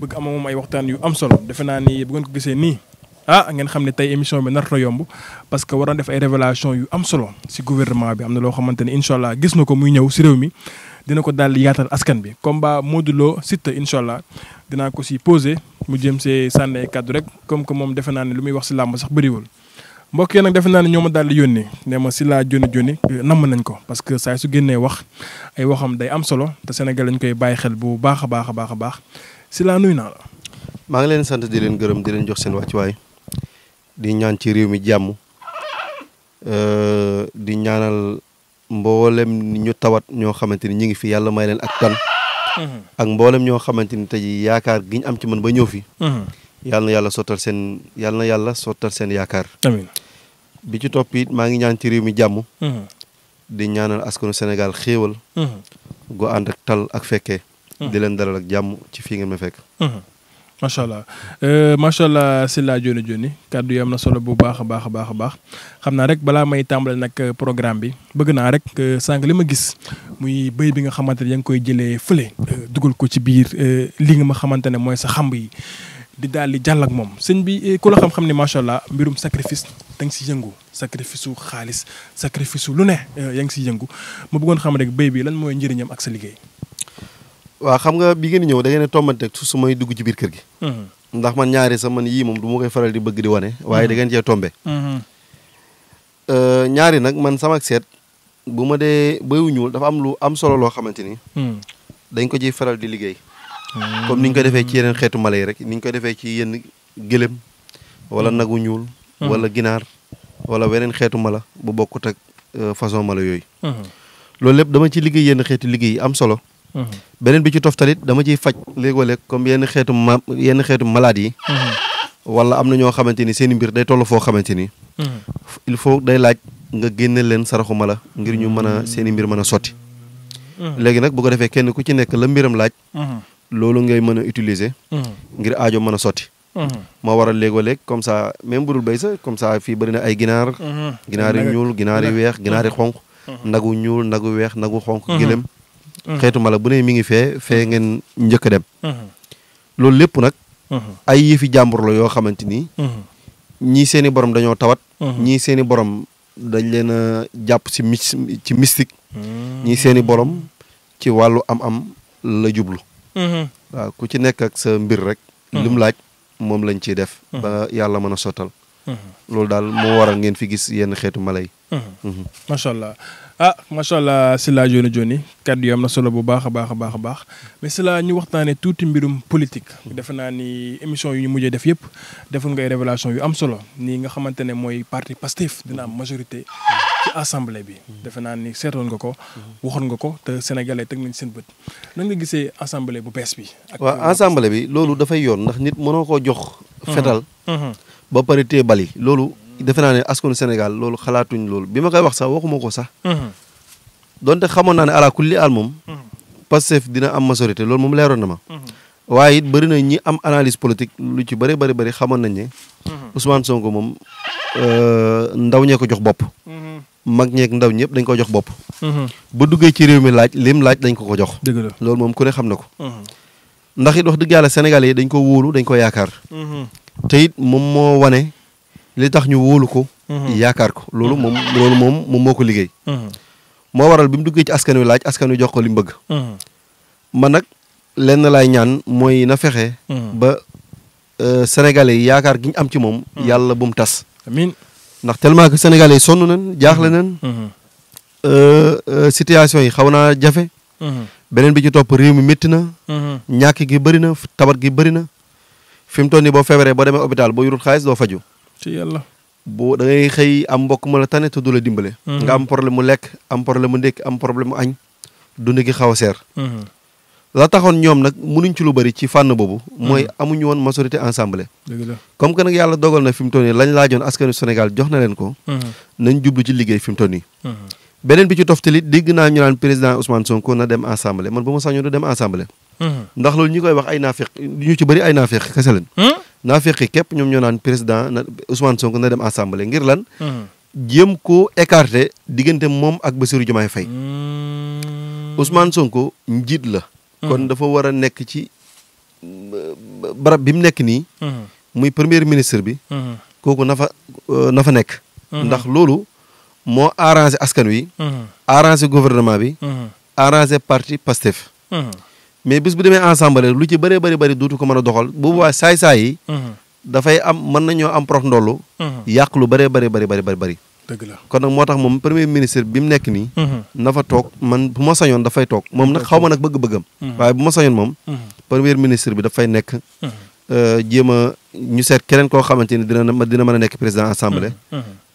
bëgg ama moom ay waxtaan yu am solo defe naa ni bu ngeen ko gisee nii ah ngeen xam ne tey émission bi nar yomb parce que war def ay révélation yu am solo si gouvernement bi am na loo xamante ne incha allah gis na ko muy ñëw si réew mi dina ko daal yaatal askan bi combat Modou Lo Siteu incha allah dinaa ko si posé mu jëm see sànni ay kàddu rek comme que moom defe naa ne lu muy wax si làmb sax bëriwul. mbokk yi nag defe naa ne ñoo ma daal di yónni nee ma si laa joni joni eh, namm nañ ko parce que saa su génnee wax ay waxam day am solo te Sénégal lañ koy bàyyi xel bu baax a baax a baax a baax. si la nuy na la. ma ngi leen sant di leen gërëm di leen jox seen wàccuwaay di ñaan ci réew mi jàmm di ñaanal mboolem ñu tawat ñoo xamante ni ñu ngi fi yàlla may leen ak tan ak mboolem ñoo xamante ni tey yaakaar gi ñu am ci man ba ñëw fi. yàlla na yàlla sottal seen yàlla na yàlla sottal seen bi ci topp it maa ngi ñaan ci réew mi jàmm. Mhm. di ñaanal askanu Sénégal xéewal. Mhm. Go ànd tal ak fekkee. di leen dalal ak jàmm ci fii nga ma fekk. Mhm. macha allah euh, macha allah Sylla Dione Dione kàddu yi am na solo bu baax a baax a baax a baax xam naa rek balaa may tàmbale nag euh, programme bi bëgg naa rek euh, sànq li ma gis muy béy bi nga xamante ne yaa ngi koy jëlee fële dugal ko ci biir li nga ma xamante ne mooy sa xamb yi di daal di jàll ak moom sëñ bi ku la xam-xam ne macha allah mbirum sacrifice da nga yëngu sacrifice su xaalis sacrifice su lu ne yaa ngi si yëngu ma bëggoon xam rek béy bi lan mooy njëriñam ak sa liggéey. waaw xam nga bi ngeen ñëw da ngeen a tombante su sumay dugg ci biir kër gi mhm. ndax man ñaari sax man yii moom du ma koy faral di bëgg di wane mhm. waaye da ngeen cee tombe mhm. ñaari nag man sama seet bu ma dee bayu ñuul dafa am lu am solo loo xamante ni hmm. dañ ko ciy faral di liggéey hmm. comme ni ko defee ci yeneen xeetu mala yi rek ni ñu ko defee ci yenn gëlëm wala hmm. nagu ñuul wala ginaar wala weneen xeetu mala bu bokkut ak façon mala yooyu loolu dama ci liggéey yenn xeetu liggéey am solo Mm-hmm. beneen bi ci toftalit dama ciy faj léegoo comme yenn xeetu ma yenn xeetu maladies yi mm-hmm. wala am na ñoo xamante ni seen mbir day toll foo xamante ni mm-hmm. il faut day laaj nga génne leen saraxu mala ngir ñu mën a seen mbir mën a sotti léegi nag bu ko defee kenn ku ci nekk la mbiram laaj loolu ngay mën a utiliser ngir aajo mën a sotti moo waral léegoo-léeg comme sa même bu bay béy sax comme sa fii bëri na ay ginaar ginaar yu ñuul ginaar yu weex ginaar yu xonq nagu ñuul nagu weex nagu xonq Mm-hmm. xeetu mala bu ne mi ngi fee fee ngeen mm-hmm. njëkk a dem mm-hmm. loolu lépp nag ay yëfi jàmbur la yoo xamante ni seeni seen borom dañoo tawat ñii seen i borom dañ leen a jàpp ci ci ñi seeni seen borom ci wàllu am-am la jublu waaw ku ci nekk sa mbir rek lim laaj moom lañ ci def ba yàlla mën a sottal loolu daal moo waral ngeen fi gis yenn xeetu mala yi ah macha allah si laa joni joni kàddu yi am na solo bu baax a baax a baax a baax mais si laa ñu waxtaanee tuuti mbirum politique. defe naa ni émission yu ñu mujjee def yëpp deful ngay révélation yu am solo nii nga xamante ne mooy parti Pastef dina am majorité. ci assemblée bi. defe naa ni seetoon nga ko. waxoon nga ko te sénégalais teg nañ seen bët nan nga gisee assemblée bu bees bi. ak waaw assemblée bi loolu dafay yoon ndax nit mënoo koo jox. fetal ba pare bali loolu. defe naa ne askanu Sénégal loolu xalaatuñ loolu bi ma koy wax sax waxuma ko sax. Mhm. donte xamoon naa ne ala kulli aal moom. Mhm. Pastef dina am majorité loolu moom leeroon na ma. Mhm. waaye na ñi am analyse politique lu ci bëri bëri bëri xamoon nañ ne. Ousmane Sonko moom euh, ndaw ñee ko jox bopp. mag ñeeg ndaw ñëpp dañ ko jox bopp. ba duggee ci réew mi laaj lim laaj dañ ko ko jox. dëgg la loolu moom ku ne xam na ko. ndax it wax dëgg yàlla sénégalais yi dañ ko wóolu dañ ko yaakaar. te it moom moo wane li tax ñu wóolu ko. Mhm. yaakaar ko loolu mhm. moom moom moom moo ko liggéey. Mhm. moo waral bi mu duggee ci askan wi laaj askanu jox ko li mu bëgg. man nag lenn laay ñaan mooy na fexe. ba euh, sénégalais yaakaar gi am ci moom. yàlla bu mu tas. amiin ndax tellement que sénégalais yi sonn nan jaaxle nañ. Euh, euh, situation yi xaw naa jafe. beneen bi ci topp réew mi métti na. ñàkk gi bëri na tabat gi bëri na. fi mu toll nii boo feebaree boo demee hôpital boo yurut xaalis doo faju ci yàlla. bu da ngay xëy am mbokk mu la tane te du la dimbale. Mhm. nga am problème mu lekk am problème mu ndékk am problème mu añ dund gi xaw a seer. Mhm. la taxoon ñoom nag munuñ ci lu bari ci fànn boobu. Mhm. mooy amuñu woon majorité ensemble. comme que nag yàlla dogal na fi mu toll nii lañ laajoon askanu Sénégal jox na leen ko. nañ jublu ci liggéey fi mu toll beneen bi ci toftali dégg naa ñu naan président Ousmane Sonko na dem assemblée man ba ma sañoon du dem assemblée. ndax loolu naa fekkee képp ñoom ñoo naan président na Ousmane Sonko na dem assemblée ngir lan. Mhm. jéem ko écarter diggante moom ak Bassirou Diomaye Faye. Mm. Ousmane Sonko njiit la. Mhm. kon dafa war a nekk ci mm, barab bi mu nekk nii. Mhm. muy premier ministre bi. kooku na nafa euh, nekk. ndax loolu moo arrangé askan wi. arrangé gouvernement bi. arrangé parti Pastef. mais bis bu demee ensemble lu ci bëree bëri bëri duutu ko mën a doxal bu boobaa saay-saay mm-hmm. yi. Mm-hmm. dafay am mën nañoo am prof ndollu. Mm-hmm. yàq lu bëree bëri bëri bëri bëri. dëgg la kon nag moo tax moom premier ministre bi mu nekk nii. na toog man ma sañoon dafay toog moom nag xaw ma nag bëgg-bëggam. waaye bu ma sañoon moom. premier bi dafay nekk. Euh, jéem a ñu seet keneen koo xamante ni dina dina mën a nekk président assemblée.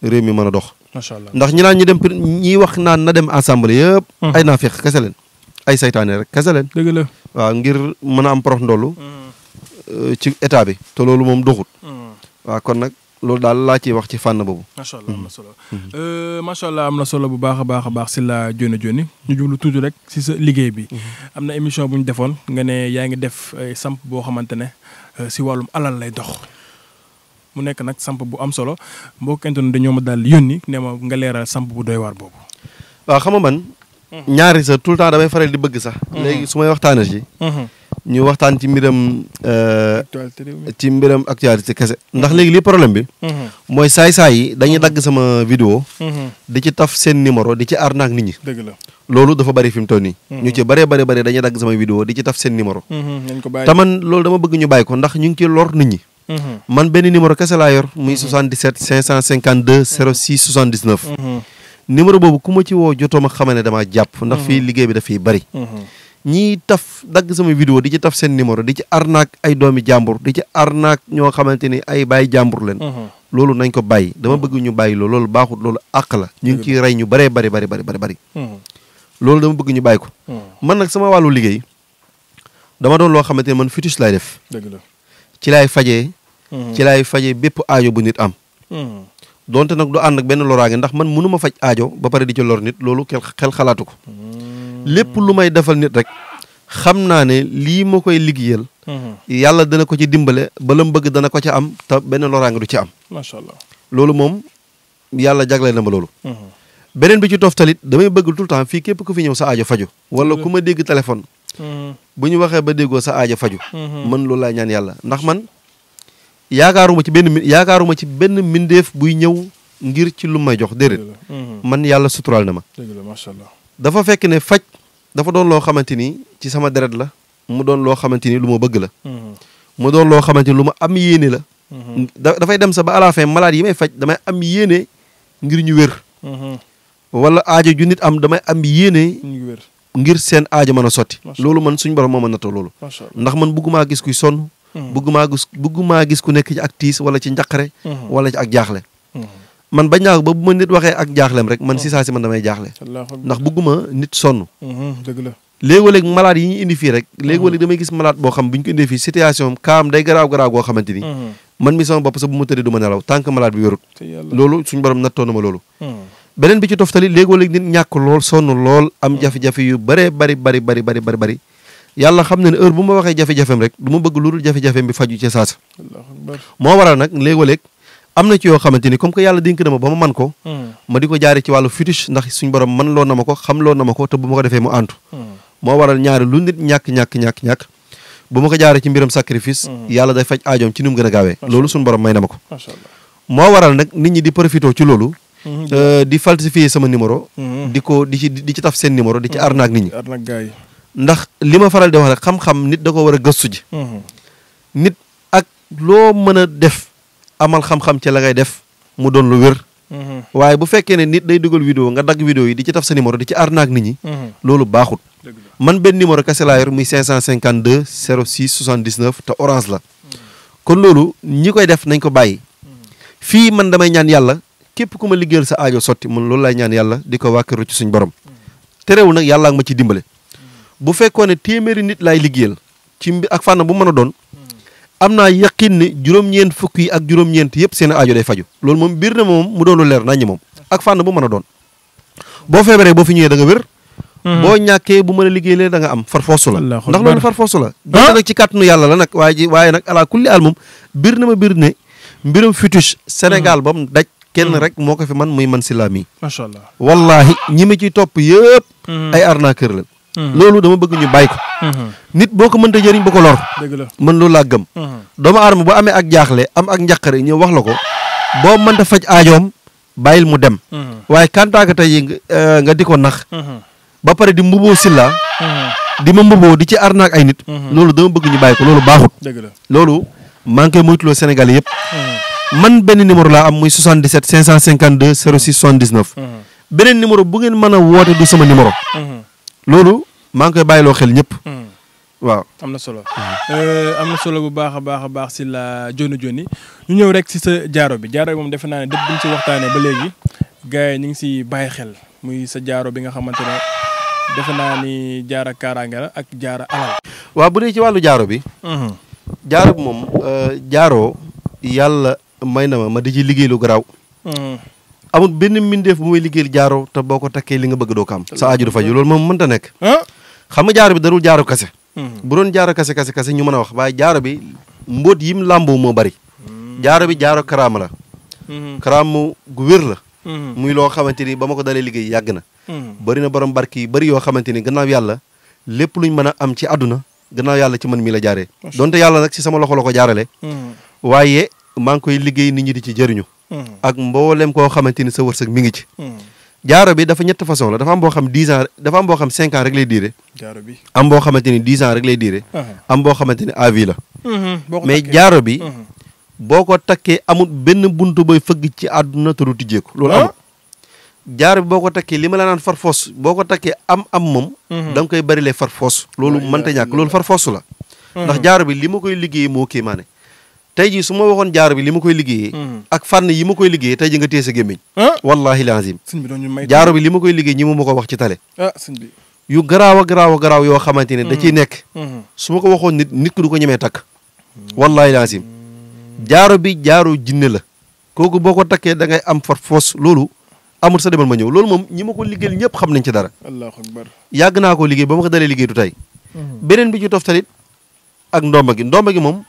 réew mi man a dox. macha allah ndax ñi naan ñu dem ñiy wax naan na dem assemblée yëpp. ay naa feex kese leen. ay saytaane rek kese leen. dëgg la waaw ngir mën a am prox ndollu. Mm. Euh, ci état bi te loolu moom doxut. Mm. waaw kon nag loolu daal laa ciy wax ci fànn boobu. macha allah mm. am na solo euh, macha am na solo bu baax a baax a baax si la joni joni ñu jublu tuuti rek si sa liggéey bi. Mm-hmm. am na émission bu ñu defoon nga ne yaa ngi def samp boo xamante ne euh, si wàllum alal lay dox. mu nekk nag samp bu am solo mbokk internet dañoo ma daal yónni ne nga leeral samp bu doy waar boobu. waaw xam man ñaari sa tout le temps damay faral di bëgg sax. Mhm. léegi su may waxtaanee ji. Mhm. ñu waxtaan ci mbiram. Euh, ci mbiram actualité kese. ndax léegi li problème bi. Mhm. mooy saay-saay yi dañuy dagg sama vidéo. di ci taf seen numéro di ci arnaak nit loolu dafa bari fi mu toll ñu ci bëree bëri dañuy dagg sama vidéo di ci taf seen numéro. te loolu dama bëgg ñu bàyyi ko ndax ñu ngi ci lor nit man benn numéro kese laa yor muy 77 552 06 79. numéro boobu ku ma ci woo jotoo ma xamal ne damaa jàpp. ndax fii mhm. liggéey bi daf fiy bari. Mhm. ñii taf dagg sama vidéo di ci taf seen numéro di ci arnaak ay doomi jàmbur di ci arnaak ñoo xamante ni ay bàyyi jàmbur leen. Mhm. loolu nañ ko bàyyi dama bëgg ñu bàyyi loolu loolu baaxut loolu àq la. ñu ngi ciy rey ñu bëree bari bari bari bari. loolu dama bëgg ñu bàyyi ko. man nag sama wàllu liggéey dama doon loo xamante ni man fitus laay def. dëgg la ci laay fajee. ci laay fajee bépp aajo bu nit am. donte nag du ànd ak benn loraange ndax man mënu ma faj aajo ba pare di ci lor nit loolu xel xalaatu ko lépp lu may defal nit rek xam naa ne lii ma koy liggéeyal mm-hmm. yàlla dana ko ci dimbale ba la mu bëgg dana ko ci am te benn loraange du ci am macha loolu moom yàlla jagleel na ma loolu mm-hmm. beneen bi ci toftalit damay bëgg tout le temps fii képp ku fi ñëw sa aajo faju wala ku ma dégg téléphone mm-hmm. bu ñu waxee ba déggoo sa aajo faju man loolu laay ñaan yàlla ndax man yaakaaruma ci benn yaakaaruma ci benn mbindeef buy ñëw ngir ci lu may jox déedéet. Mhm. man yàlla suturaal na ma. macha allah dafa fekk ne faj dafa doon loo xamante ni ci sama deret la mu doon loo xamante ni lu bëgg la. Mhm. mu doon loo xamante ni lu ma am yéene la. Mhm. dafay dem sa ba à malaat yi may faj damay am yéene ngir ñu wér. wala aajo ju nit am damay am yéene. ngir seen aajo mën a sotti. loolu man suñ borom moo ma nattoo loolu. ndax man bëgguma gis kuy sonn. Hmm. bëggumaa gis bëggumaa gis ku nekk ci ak tiis wala ci njaqare hmm. wala ci ak jaaxle hmm. man bañ naa ko ba bu ma nit waxee ak jaaxlem rek man si saa si man damay jaaxle ndax bëgguma nit sonn dëgg la léegi-léeg malade yi ñu indi fii rek léegi-léeg damay gis malade boo xam bu ñu ko indee fii situation kaam day garaaw garaaw goo xamante man mi bopp sax bu ma tëddee du ma nelaw tant que malade bi wérut loolu suñu borom nattoo na ma loolu beneen bi ci toftali léegi-léeg nit ñàkk lool yàlla xam na ne heure bu ma waxee jafe-jafeem rek du ma bëgg lu dul jafe-jafeem bi faju ci saasa moo waral nag léeg-léeg am na ci yoo xamante ni comme que yàlla dénk na ma ba ma man ko hmm. ma di ko jaare ci wàllu fétiche ndax suñu borom man loo ko xam loo na ko te bu ma ko defee mu àntu hmm. moo waral lu nit ñàkk ñàkk ñàkk ñàkk bu ma ko jaaree ci mbiram sacrifice hmm. yàlla day faj aajoom ci ni mu gën a gaawee loolu suñu borom may na ma ko moo waral nag nit ñi di profité ci loolu euh, di falsifier sama numéro di ko di ci di ci taf seen numéro di ci arnaak nit ñi ndax lima faral di wax rek xam-xam nit da ko wara ji. Mhm. nit ak lo meuna def amal xam-xam ci la ngay def mu don lu wér. Mhm. waye bu fekkee ne nit day duggal video nga dag video yi di ci taf sa numéro di ci arnaque nit ñi. Mhm. lolu baxut man ben numéro kasse la yor muy 552 06 79 ta orange la. kon lolu ñi def nañ ko fi fi man damay ñaan yalla képp kuma liggéeyal sa aajo soti mun lolu lay ñaan yalla di ko ci suñu borom. terewul nak yalla ak ma ci dimbalé bu fekkoon ne téeméeri nit laay liggéeyal ci ak fànn bu mën a doon am naa yaqin ni juróom-ñeent fukk yi ak juróom-ñeent yëpp seen aajo day faju loolu moom biir na moom mu doon lu leer naññi moom ak fànn bu mën a doon boo feebaree boo fi ñëwee da nga wér mhm. boo ñàkkee bu mën a liggéey leen da nga am farfoosu la ndax loolu farfoosu la doon ah? nag ci kàttanu yàlla nag waaye ji waaye nag ala kulli al moom biir na ma biir ne mbirum fétiche Sénégal mhm. ba mu daj kenn mhm. rek moo ko fi man muy man si laa mii macha allah wallaahi ñi ma ciy topp yëpp ay kër la Mhm. loolu dama bëgg ñu bay ko. Mhm. nit boko mënta jëriñ ba ko lor. dëgg la mën loolu la gëm. Mhm. dama arme bu amé ak jaxlé am ak ñakkaré ñu wax lako bo mënta faj aajoom bayil mu dem. waye waaye kantaaka tay nga euh, diko nax. ba paré di mbubo silla di ma mbubo di ci arnaak ay nit. loolu dama bëgg ñu bay ko loolu baaxut. dëgg la loolu maa ngi Sénégal yépp man ben numéro la am muy 77 552 06 79. beneen numéro bu ngeen mëna woté du sama numéro. loolu maa ngi koy bàyyiloo xel ñëpp. Hmm. waaw am na solo. Hmm. Euh, am na solo bu baax a baax a baax si la joni joni ñu ñëw rek si sa jaaro bi jaaro bi moom defe naa ne dëpp bi ñu waxtaanee ba léegi gars ngi si bàyyi xel muy sa jaaro bi nga xamante ne defe naa ni jaara kaaraange ak jaara alal. waaw bu dee ci wàllu jaaro bi. Hmm. jaaro bi moom euh, jaaro yàlla may na ma ma di ci liggéey lu garaaw. amul benn mbindeef mooy muy liggéeyal jaaro te boo ko takkee li nga bëgg doo ko am sa aaju du faju loolu moom mënta nekk xam nga jaaro bi darul jaaro kase hmm. bu doon jaaro kase kase kase ñu mën a wax waaye jaaro bi mbóot yim làmboo moo bari hmm. jaaro bi jaaro karaama la hmm. karaama gu wér la muy loo xamante ni ba ma ko dalee liggéey yàgg na bari na borom barke yi bari yoo xamante ni gannaaw yàlla lépp luñ mën a am ci àdduna gannaaw yàlla ci man mii la jaaree donte yàlla nag si sama loxo la ko jaarale waaye maa ngi koy liggéey nit ñi di ci jëriñu ak mboolem koo xamante ni sa wërsëg mi ngi ci. Hmm. jaaro bi dafa ñett façon la dafa am boo xam dix ans dafa am boo xam cinq ans rek lay diire. jaaro bi am boo xamante ni dix ans rek lay diire. Uh-huh. am boo xamante ni à vie la. Hmm, mais jaaro bi. Hmm. boo ko takkee amul benn buntu booy fëgg ci àdduna te du tijjeeku loolu ah. amul. jaaro bi boo ko takkee li ma la naan farfoos boo ko takkee am am moom. da koy bari far farfoos. loolu mënta ñàkk loolu far farfoos la. ndax jaaro bi li ma koy liggéey moo kéemaane. tey jii su ma waxoon jaar bi li ma koy liggéeye mhm. ak fànn yi ma koy liggéeye tey ji nga téye sa gémmiñ ah. wallahi lazim jaaro bi li ma koy liggéey ñi ma ko wax ci tale ah, yu garaaw a garaaw a garaaw yoo xamante ne da ciy mhm. nekk mhm. su ma ko waxoon nit nit ku ko ñemee takk wallahi lazim jaaro bi jaaro jinne la kooku boo ko takkee da ngay am far foos loolu amul sa demal ma ñëw loolu moom ñi ma ko liggéey ñëpp xam nañ ci dara allahu akbar yàgg naa koo liggéey ba ma ko dalee liggéey du tey beneen bi ci toftalit ak ndomba gi ndomba gi moom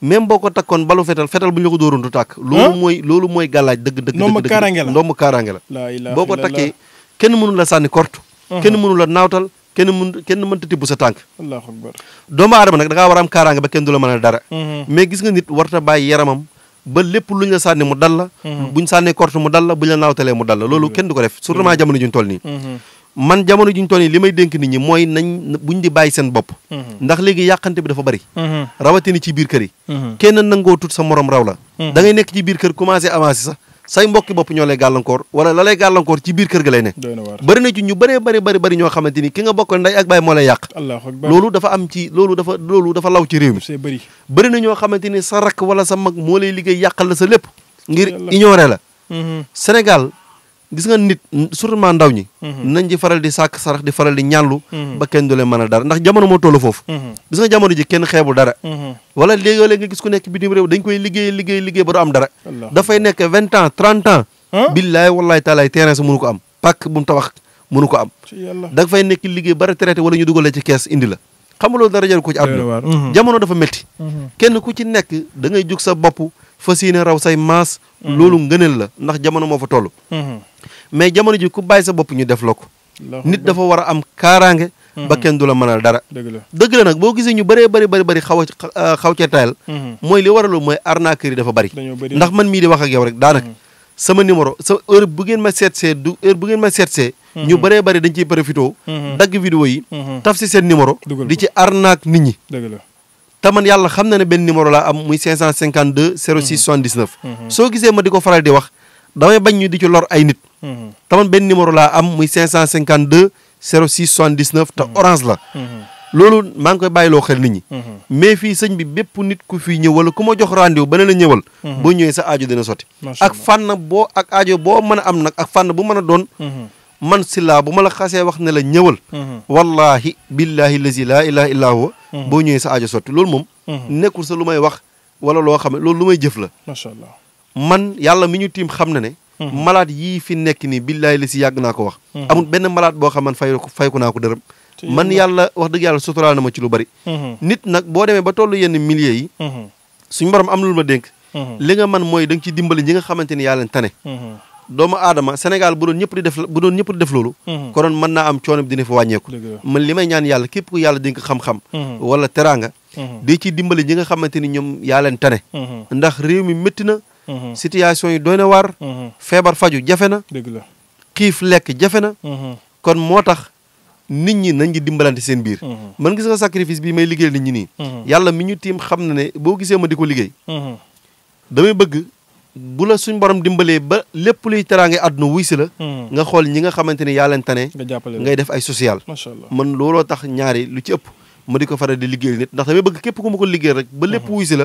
même boo ko takkoon balu fetal fetal bu ñu ko dóoroon du tàkk loolu mooy loolu mooy gàllaaj dëgg dëgg ndomb kaaraange la ndomb kaaraange la boo ko takkee kenn mënu la sànni korte kenn mënu la naawtal kenn mën kenn tibb sa tànk allahu akbar doomu aadama nag da ngaa war a am kaaraange ba kenn du la mën a dara mais gis nga nit warta bàyyi yaramam ba lépp lu ñu la mu dal la buñ sànnee korte mu dal la bu ñu la naawtalee mu dal loolu kenn du ko def surtout jamono juñ toll nii man jamono juñ toll nii li may dénk nit ñi mooy nañ buñ di bàyyi seen bopp. Mhm. ndax léegi yàqante bi dafa bari. Mhm. rawatina ci biir kër yi. Mhm. kenn nangoo tut sa morom raw la. da ngay nekk ci biir kër commencé avancé sax say mbokki bopp ñoo lay gàllankoor wala la lay gàllankoor ci biir kër ga lay ne. bari na ci ñu bëree bari bari bari ñoo xamante ni ki nga bokkal ndey ak baay moo lay loolu dafa am ci loolu dafa loolu dafa law ci réew mi. c'est bëri bëri na ñoo xamante ni sa rakk wala sa mag moo lay liggéey yàqal la sa lépp ngir ignorer la Sénégal gis nga nit surtout maa ndaw ñi. Mhm. nañ faral di sàkk sarax di faral di ñàllu. Mhm. ba kenn du leen mën a dara ndax jamono moo toll foofu. Mhm. gis nga jamono ji kenn xeebul dara. wala léeg-léeg nga gis ku nekk bitim koy liggéey liggéey liggéey ba du am dara. dafay nekk vingt ans trente ans. billaay wallaay taalaay terrain sa mënu ko am pàkk bu mu ko am. dafay nekk liggéey ba retraité wala ñu dugalee ci kees indi la. xam nga loolu dara jaru ko ci àdduna jamono dafa métti. kenn ku ci nekk da ngay jug sa bopp fas yéene raw say maas. loolu ngëneel la ndax jamono moo fa toll mais jamono ji ku bàyyi sa bopp ñu def la ko nit dafa war am kaaraange ba mm-hmm. kenn du la mënal dara dëgg nag boo gisee ñu bëree bëri bëri bëri xaw a euh, xaw mm-hmm. mooy li waralu mooy arnaqueur yi dafa bëri ndax man mii di wax ak yow rek daanaka mm-hmm. sama numéro sa heure bu ngeen ma seetsee du heure bu ngeen ma seetsee ñu bëree bëri dañ ciy profité dagg vidéo yi taf si seen numéro di ci arnaque nit ñi te man yàlla xam na ne benn numéro laa am muy 552 06 79 soo gisee ma di ko faral di wax di ci lor ay nit taman benn numéro laa am muy 552 06 79 te orange la. loolu maa ngi koy bàyyiloo xel nit ñi. mais fii sëñ bi bépp nit ku fii ñëw wala ku ma jox rendez-vous ba ne la ñëwal. boo ñëwee sa aajo dina sotti. ak fànn boo ak aajo boo man a am nag ak fànna bu man a doon. Mhm. man si bu ma la xasee wax ne la ñëwal. Mhm. wallahi billahi lazi laa ilaha illa huwa. Mhm. boo ñëwee sa aajo sotti loolu moom. nekkul sa lu may wax wala loo xam ne loolu lu may jëf la. macha man yàlla mi ñu tiim xam na ne. Mm-hmm. malade yii fi nekk nii billaay li si yàgg naa ko wax. Mm-hmm. amul benn malade boo xam man fay ko fay ko naa ko dërëm. man yàlla wax dëgg yàlla suturaal na ma ci lu bari. Mm-hmm. nit nag boo demee ba tollu yenn milliers yi. suñu borom am lu ma dénk. li nga man mooy da nga ci dimbali ñi nga xamante ni yaa leen tane. doomu aadama Sénégal bu doon ñëpp di def bu doon ñëpp naa am coono bi dina fa wàññeeku. man li ñaan yàlla képp ku yàlla dénk xam-xam. wala teraanga. di ci dimbali ñi xamante ni ñoom yaa leen tane. ndax réew mi métti Mm-hmm. situation yi doy na waar. Mm-hmm. feebar faju jafe na. dëgg la xiif lekk jafe na. Mm-hmm. kon moo tax nit ñi nañ ngi dimbalante seen biir. man gis nga sacrifice bi may liggéeyal nit ñi nii. yàlla mi ñu tiim xam na ne boo gisee ma di ko liggéey. damay bëgg bu la suñ borom dimbalee ba lépp luy teraange àdduna wuy si la. nga xool ñi nga xamante ni yaa leen tane. ngay def ay social. macha allah man looloo tax ñaari lu ci ëpp. ma ko faral di liggéeyal nit ndax damay bëgg képp ku ma ko liggéey rek. ba lépp wuy si la.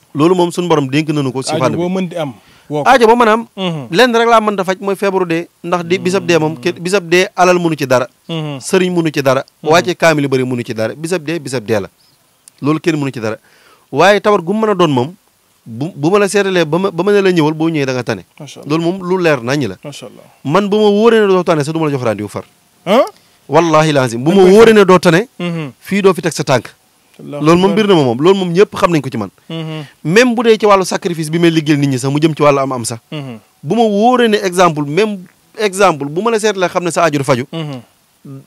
loolu moom suñu borom dénk nañu ko si fànn bi boo mën di am aajo ba maanaam mhm. lenn rek laa mën ta faj mooy feebaru dee ndax di mhm. bisab dee moom bisab dee alal mënu ci dara mhm. sëriñ munu ci dara wàcce kaamil bëri mënu ci dara bisab dee bisab dee la loolu kenn mënu ci dara waaye tawat gu mën a doon moom bu bu ma la seetalee ba ma ba ma ne la ñëwal boo ñëwee da nga tane loolu moom lu leer naññi la man bu ma wóoree ne doo tane sax du ma la jox far wallahi lazim bu ma wóoree ne doo tane fii doo fi teg sa tànk loolu moom bir na ma moom loolu moom ñëpp xam nañ ko ci man mhm. même bu dee ci wàllu sacrifice bi may liggéeyal nit ñi sax mu jëm ci wàllu am am sax mhm. bu ma wooree ne exemple même exemple bu ma la seetlee xam ne sa aaju du faju mhm.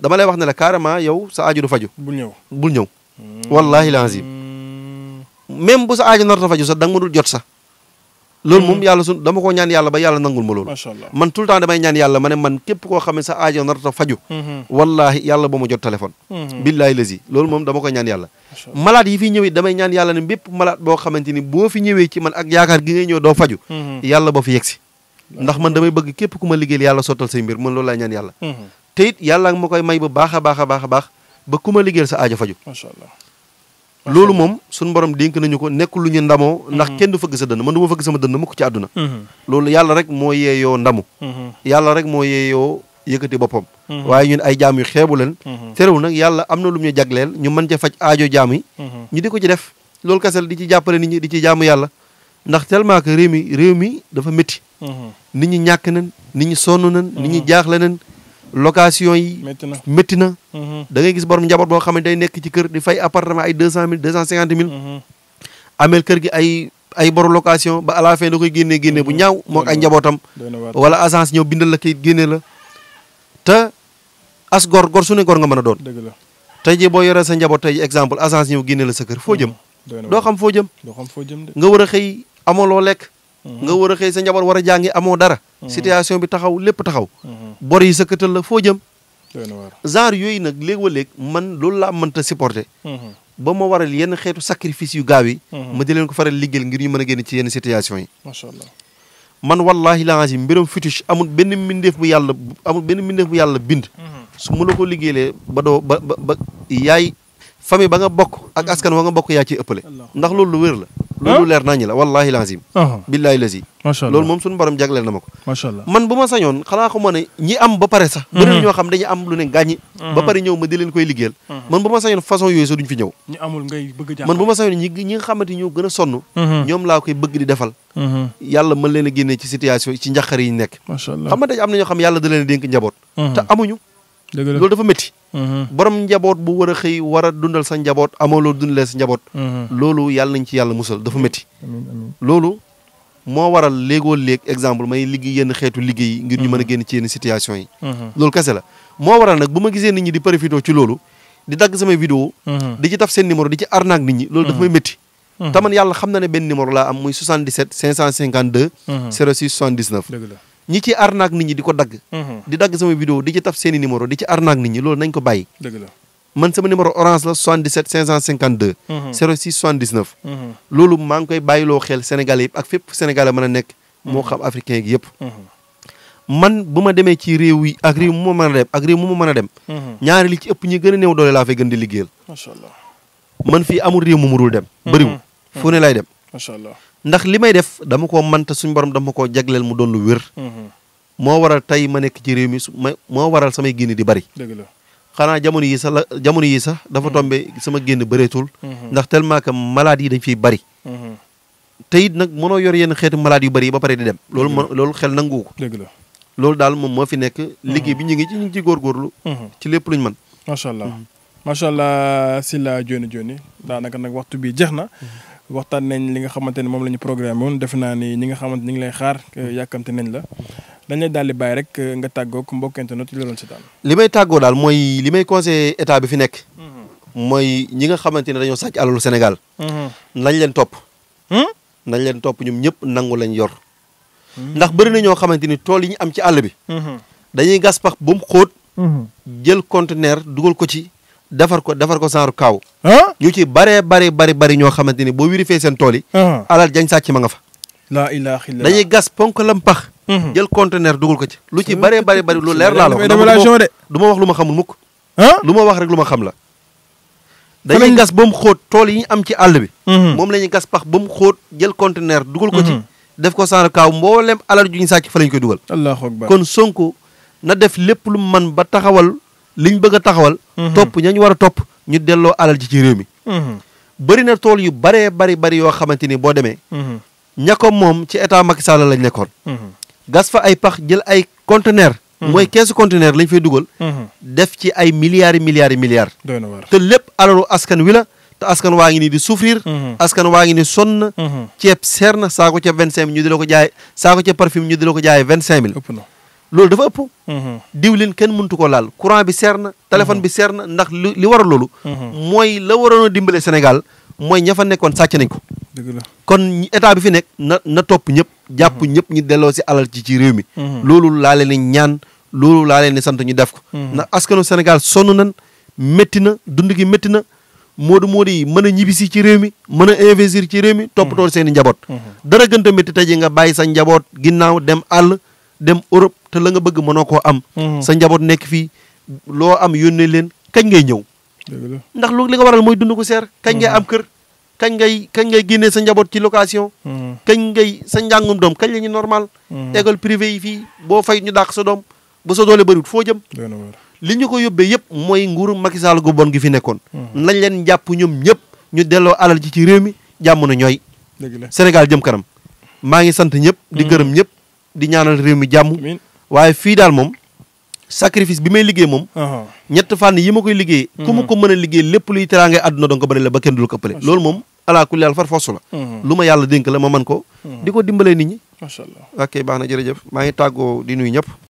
dama lay wax ne la carrément yow sa aaju du faju bul ñëw bul ñëw wallaahi lazim même bu sa aaju narta faju sax da ma dul jot sax loolu moom hmm. yàlla sun dama koo ñaan yàlla ba yàlla nangul ma loolu man tout le temps damay ñaan yàlla ma ne man képp koo xam ne sa aajo narata faju hmm. wallahi yàlla ba ma jot téléphone hmm. la lazi loolu moom dama ko ñaan yàlla malade yi fi ñëwee damay ñaan yàlla ne bépp malade boo xamante boo fi ñëwee ci man ak yaakaar gi ngay ñëw doo faju yàlla ba fi yegsi ndax man damay bëgg képp ku ma a a a sa aajo faju loolu moom suñu borom dénk nañu ko nekkul lu ñu ndamoo mhm. ndax kenn du fëgg sa dënn man du ma fëgg sama dënn mukk ci àdduna mhm. loolu yàlla rek moo yeeyoo ndamu mhm. yàlla rek moo yeeyoo yëkkati boppam waaye ñun ay jaam yu xeebu leen terewul nag yàlla am na lu ñu jagleel ñu mën ca faj aajo jaam yi ñu di ko ci def loolu kasel di ci jàppale nit ñi di ci jaamu yàlla ndax tellement que réew mi réew mi dafa métti nit ñi ñàkk nañ nit ñi sonn nañ nit ñi jaaxle nañ location yi metina na mm-hmm. da ngay gis borom njabot bo xamni day nek ci kër di fay appartement ay 200000 250000 mille mm-hmm. amel kër gi ay ay bor location ba à la fin da koy génnee génne bu mm-hmm. ñaaw mook ay njabotam wala agence ñeu bindal la kay génne la ta as gor gor suñu gor nga mën a doon tay ji bo yoré sa njabot tay exemple agence ñeu génne la sa kër fo jëm do xam fo jëm do xam nga war a xëy amoo loo lekk nga wara xey sa njabot wara jangi amo dara situation bi taxaw lépp taxaw. Mm-hmm. bor yi sëkkatal la foo jëm. genre yooyu nag léeg wa léeg man loolu laa mënta supporter. Mm-hmm. ba ma waral yenn xeetu sacrifice yu gaaw yi. Mm-hmm. ma di leen ko faral liggéeyal ngir ñu mën a génn ci yenn situation yi. macha allah man wallahi la azim mbiram fétiche amul benn mbindeef bu yàlla amul benn mbindeef bu yàlla bind. su ma la ko liggéeyee ba doo ba ba yaay famille ba bokk. ak askan wa bokk yaa ci ëppale. ndax loolu lu wér la. loolu ah? leer nañu la wallaahi lazim ah. billaahi lazi macha allah loolu moom suñu borom jagleel na ma ko man bu ma sañoon xanaa xamoo ne ñi am ba sax bëri mhm. ñoo xam dañu am lu ne gàññi ba mhm. pare ñëw ma di koy liggéeyal mhm. man man bu ma sañoon ñi ñi nga gën a sonn ñoom laa koy bëgg di defal yàlla mën leen a ci situation ci njaqar nekk macha allah am na ñoo xam yàlla da leen njaboot te amuñu loolu dafa métti mm-hmm. borom njaboot bu war a xëy war dundal sa njaboot amoo loo dundalee sa njaboot mm-hmm. loolu yàlla nañ ci yàlla musal dafa métti loolu moo waral léegoo léeg exemple may liggéey yenn xeetu liggéey ngir ñu mën a mm-hmm. ci yenn situation yi loolu kese la moo waral nag bu ma gisee nit ñi di profité ci loolu di dagg samay vidéo di ci taf seen numéro di ci arnaak nit ñi loolu dafa may métti te yàlla xam na ne benn numéro la am muy 77 552 06 79 ñi ci arnaak nit ñi di ko dagg. Mhm. di dag sama vidéo di ci taf seen numéro di ci arnaak nit ñi lool nañ ko bayyi deug la man sama numéro orange la 77 552. 06 79. loolu ma ngi koy lo xel Sénégalais ak fep Sénégalais mëna nek mhm. mo xam africain yi yépp mhm. man buma démé ci réew wi ak réew mo mëna dem ak réew mo mëna dem. ñaari li ci ëpp ñi gëna néw doole la fay gën di liggéeyal. allah man fi amul réew mu mu dul dem. bëriw fu ne lay dem. macha allah ndax limay def dama ko ta suñ borom dama ko jaglel mu don lu wër mo mhm. waral tay ma nek ci réew mi mo waral sama génn di bari. dëgg la xanaa jamono yi sa jamono yi sa dafa mhm. tombe sama gini beretul mhm. ndax tellement que malade yi dañ fi bari. te nak mono yor yeen xéetu malade yu bari ba paré di dem. lool lool xel nangou ko. dëgg la loolu daal moom moo fi nek liggéey bi ñi ngi ci gor ci lepp luñ man machallah allah sila allah si da joni joni waxtu bi jeex waxtaan nañ li nga xamante ne moom la ñu programme woon defe naa ni ñi nga xamante ñi ngi lay xaar mm-hmm. eh, yàkkamte nañ la dañ lay daal di bàyyi rek eh, nga tàggoog mbokk internet yi la doon seetaan li may tàggoo daal mooy li may conseillé état bi fi nekk mm-hmm. mooy ñi nga xamante ne dañoo sàcc alalu Sénégal mm-hmm. nañ leen topp hmm? nañ leen topp ñoom ñëpp nangu lañ yor hmm. ndax bëri na ñoo xamante ni tool yi ñu am ci àll bi dañuy gas pax ba mu xóot jël conteneur dugal ko ci Dafar ko dafar ko genre kaaw ñu ci bare bare bare bare ño xamanteni bo wiri fe sen toli yi alal jañ sàcc ma nga fa la ilaha illallah dañuy gas ponk lam pax jël conteneur dugul ko ci lu ci bare bare bare lu leer la la révélation de du wax lu xamul mukk lu wax rek luma xam la dañuy gas bom xoot toli yi am ci all bi mom lañuy gas pax bom xoot jël conteneur dugul ko ci def ko genre kaw mboolem alal ju ñu sàcc fa lañ koy dugal allahu akbar kon sonko na def lepp lu man ba taxawal liñ bëgg a taxawal. Mhm. topp ñañ war a topp ñu delloo alal ji ci réew mi. Mhm. bëri na tool yu baree bari bari yoo xamante ni boo demee. Mhm. ña ko moom ci état Macky Sall lañ nekkoon. gas fa ay pax jël ay conteneur mooy keesu conteneur lañ fay dugal. def ci ay milliards milliards milliards. te lépp alalu askan wi la. te askan waa ngi nii di souffrir. askan waa ngi ni sonn. ceeb seer na saako ceeb vingt cinq mille ñu di la ko jaay saako ceeb parfum ñu di la ko jaay vingt cinq mille. loolu dafa ëpp. Mm-hmm. diwlin kenn mëntu ko laal courant bi seer na. téléphone bi mm-hmm. seer na ndax li war a loolu. Mm-hmm. mooy la waroon a dimbale Sénégal mooy ña fa nekkoon sàcc ko. dëgg la kon état fi nekk na na topp ñëpp. jàpp ñëpp ñu delloo si alal ci ci réew mi. loolu laa leen di ñaan loolu def ko. ndax askanu Sénégal sonn nañ métti na dund gi métti na moodu moodu yi mën a ñibbisi ci réew mi mën a ci réew mi. toppatoo seen i njaboot. dara gën a métti nga bàyyi sa njaboot ginnaaw dem àll. dem Europe te la nga bëgg mënoo koo am. Mhm. sa njaboot nekk fii loo am yónnee leen kañ ngay ñëw. ndax lu li nga waral mooy dund ko seer. kañ ngay mhm. am kër kañ ngay kañ ngay génnee sa njaboot ci location. Mhm. kañ ngay sa njàngum doom kañ la ñu normal. école privée yi fii boo fay ñu dàq sa doom ba sa doole bëriwut foo jëm. li ñu ko yóbbee yëpp mooy nguuru Macky Sall gu bon gi fi nekkoon. nañ leen jàpp ñoom ñëpp ñu delloo alal ji ci réew mi jàmm na ñooy. Sénégal jëm kanam maa ngi sant ñëpp. di gërëm ñëpp. di ñaanal réew mi jàmm waaye fii daal moom sacrifice bi may liggéey moom ñett fànn yi ma koy liggéey ku ma mhm. ko mën a liggéey lépp luy teraangay àdduna danga ko bëri la ba kenn du la ko ëppale loolu moom alaa kulli haal far foss la mhm. lu ma yàlla dénk la ma man ko mhm. di ko dimbalee nit ñi macha allah ok baax di nuyu ñëpp